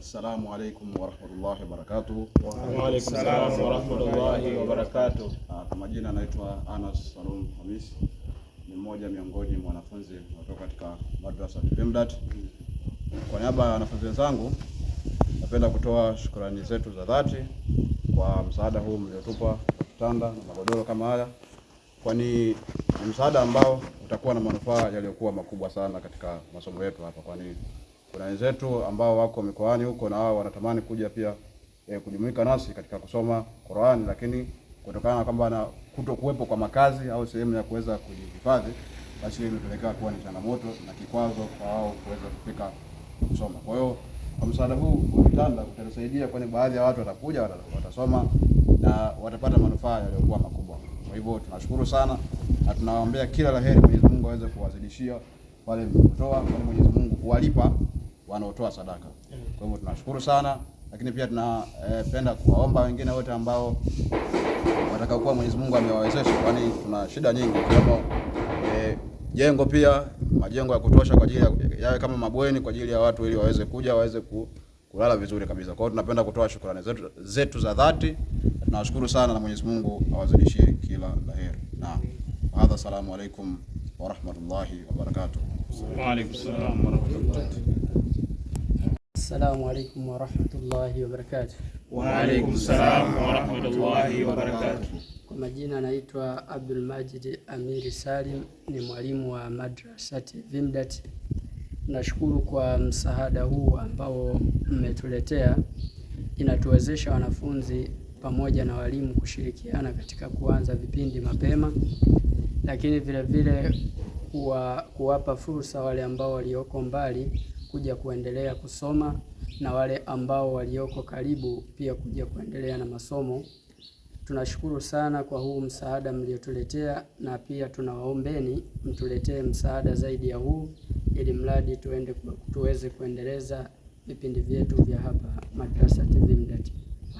Assalamu alaikum warahmatullahi wabarakatuh. Wa alaikum salaam warahmatullahi wabarakatuh. Ah, kwa majina anaitwa Anas Salum Hamis, ni mmoja miongoni mwa wanafunzi kutoka katika madrasa Temdat. Kwa niaba ya wanafunzi wenzangu, napenda kutoa shukrani zetu za dhati kwa msaada huu mliotupa kitanda na magodoro kama haya, kwani ni msaada ambao utakuwa na manufaa yaliyokuwa makubwa sana katika masomo yetu hapa kwani kuna wenzetu ambao wako mikoani huko na wao wanatamani kuja pia e, kujumuika nasi katika kusoma Qur'ani, lakini kutokana na kwamba na kutokuwepo kwa makazi au sehemu ya kuweza kujihifadhi, basi hiyo imepelekea kuwa ni changamoto na kikwazo kwa wao kuweza kufika kusoma. Kwa hiyo kwa msaada huu wa vitanda utasaidia, kwani baadhi ya watu watakuja watasoma na watapata manufaa yaliyokuwa makubwa. Kwa hivyo tunashukuru sana na tunawaombea kila la heri, Mwenyezi Mungu aweze kuwazidishia wale mliotoa, kwani Mwenyezi Mungu huwalipa wanaotoa sadaka. Kwa hivyo tunashukuru sana, lakini pia tunapenda eh, kuwaomba wengine wote ambao watakaokuwa Mwenyezi Mungu amewawezesha, kwani tuna shida nyingi kama eh, jengo pia majengo ya kutosha kwa ajili yawe kama mabweni kwa ajili ya watu ili waweze kuja waweze ku, kulala vizuri kabisa. Kwa hiyo tunapenda kutoa shukrani zetu, zetu za dhati. Tunawashukuru sana na Mwenyezi Mungu awazidishie kila laheri. Na Hadha, salamu alaykum wa rahmatullahi wa barakatuh. Wa alaykum salaam wa rahmatullahi Assalamu alaikum warahmatullahi wabarakatuh. Wa alaikum salam warahmatullahi wabarakatuh. Kwa majina naitwa Abdul Majid Amiri Salim, ni mwalimu wa madrasati Vimdat. Nashukuru kwa msaada huu ambao mmetuletea, inatuwezesha wanafunzi pamoja na walimu kushirikiana katika kuanza vipindi mapema, lakini vilevile kuwapa fursa wale ambao walioko mbali kuja kuendelea kusoma na wale ambao walioko karibu pia kuja kuendelea na masomo. Tunashukuru sana kwa huu msaada mliotuletea, na pia tunawaombeni mtuletee msaada zaidi ya huu, ili mradi tuende tuweze kuendeleza vipindi vyetu vya hapa Madrasa TV Mdati.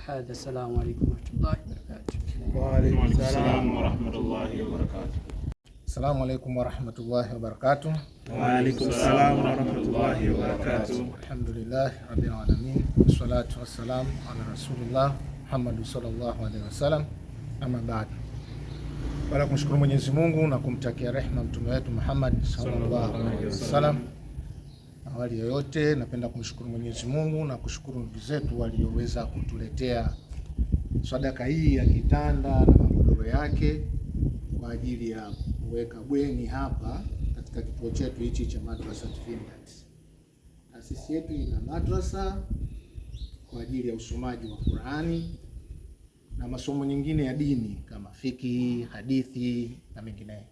Hadha, assalamu alaykum warahmatullahi wabarakatuh. Wa alaykum assalam warahmatullahi wabarakatuh. Assalamu alaykum wa rahmatullahi Wa barakatuh. Wa alaikum salam wa barakatuh. Alhamdulillah rabbil alamin wassalatu wassalamu ala rasulillah Muhammad sallallahu alaihi wasallam. Ama ba'd. baada kumshukuru Mwenyezi Mungu na kumtakia rehma mtume wetu Muhammad sallallahu alaihi wasallam, awali yoyote napenda kumshukuru Mwenyezi Mungu na kushukuru ndugu zetu walioweza kutuletea sadaka hii ya kitanda na magodoro yake kwa ajili ya kuweka bweni hapa katika kituo chetu hichi cha Madrasa Finland. Taasisi yetu ina madrasa kwa ajili ya usomaji wa Qur'ani na masomo nyingine ya dini kama fiki, hadithi na mengineyo,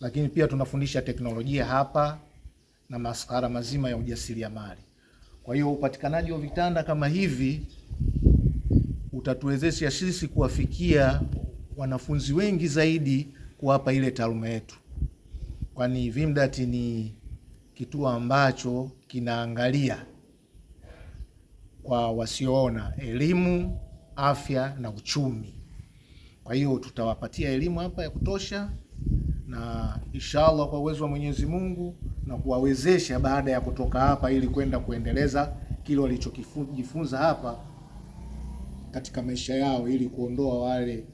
lakini pia tunafundisha teknolojia hapa na masuala mazima ya ujasiriamali. Kwa hiyo upatikanaji wa vitanda kama hivi utatuwezesha sisi kuwafikia wanafunzi wengi zaidi kuwapa ile taaluma yetu, kwani VIMDAT ni kituo ambacho kinaangalia kwa wasioona elimu, afya na uchumi. Kwa hiyo tutawapatia elimu hapa ya kutosha na inshallah kwa uwezo wa Mwenyezi Mungu na kuwawezesha baada ya kutoka hapa ili kwenda kuendeleza kile walichojifunza hapa katika maisha yao ili kuondoa wale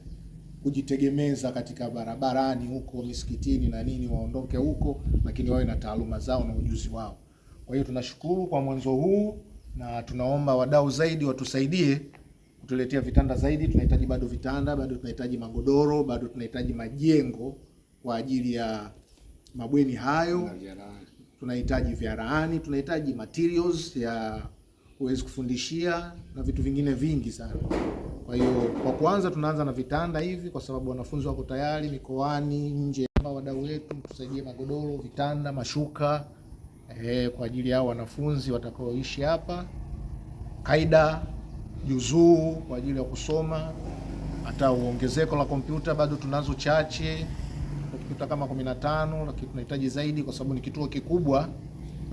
kujitegemeza katika barabarani huko misikitini na nini, waondoke huko, lakini wawe na taaluma zao na ujuzi wao. Kwa hiyo tunashukuru kwa mwanzo huu na tunaomba wadau zaidi watusaidie kutuletea vitanda zaidi. Tunahitaji bado vitanda, bado tunahitaji magodoro, bado tunahitaji majengo kwa ajili ya mabweni hayo, tunahitaji vyaraani, tunahitaji materials ya uwezi kufundishia na vitu vingine vingi sana. Kwa hiyo kwa kwanza tunaanza na vitanda hivi, kwa sababu wanafunzi wako tayari mikoani, nje wadau wetu tusaidie magodoro, vitanda, mashuka eh, kwa ajili yao wanafunzi watakaoishi hapa, kaida juzuu kwa ajili ya kusoma. Hata uongezeko la kompyuta bado tunazo chache, kompyuta kama 15 lakini tunahitaji zaidi, kwa sababu ni kituo kikubwa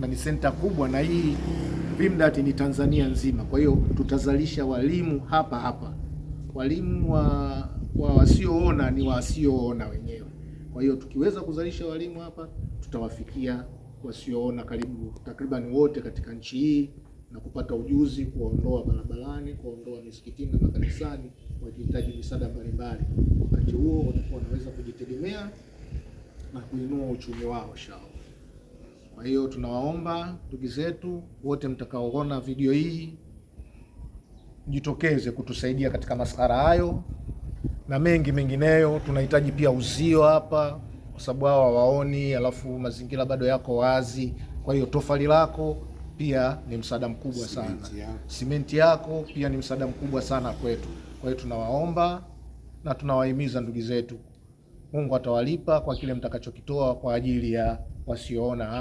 na ni senta kubwa, na hii VIMDAT ni Tanzania nzima. Kwa hiyo tutazalisha walimu hapa hapa walimu wa, wa wasioona ni wasioona wenyewe. Kwa hiyo tukiweza kuzalisha walimu hapa, tutawafikia wasioona karibu takriban wote katika nchi hii na kupata ujuzi, kuwaondoa barabarani, kuwaondoa misikitini na makanisani wakihitaji misaada mbalimbali. Wakati huo watakuwa wanaweza kujitegemea na kuinua uchumi wao shao. Kwa hiyo tunawaomba ndugu zetu wote mtakaoona video hii jitokeze kutusaidia katika masuala hayo na mengi mengineyo. Tunahitaji pia uzio hapa, kwa sababu hawa hawaoni, alafu mazingira bado yako wazi. Kwa hiyo tofali lako pia ni msaada mkubwa sana, simenti yako pia ni msaada mkubwa sana kwetu. Kwa hiyo tunawaomba na tunawahimiza ndugu zetu, Mungu atawalipa kwa kile mtakachokitoa kwa ajili ya wasioona hawa.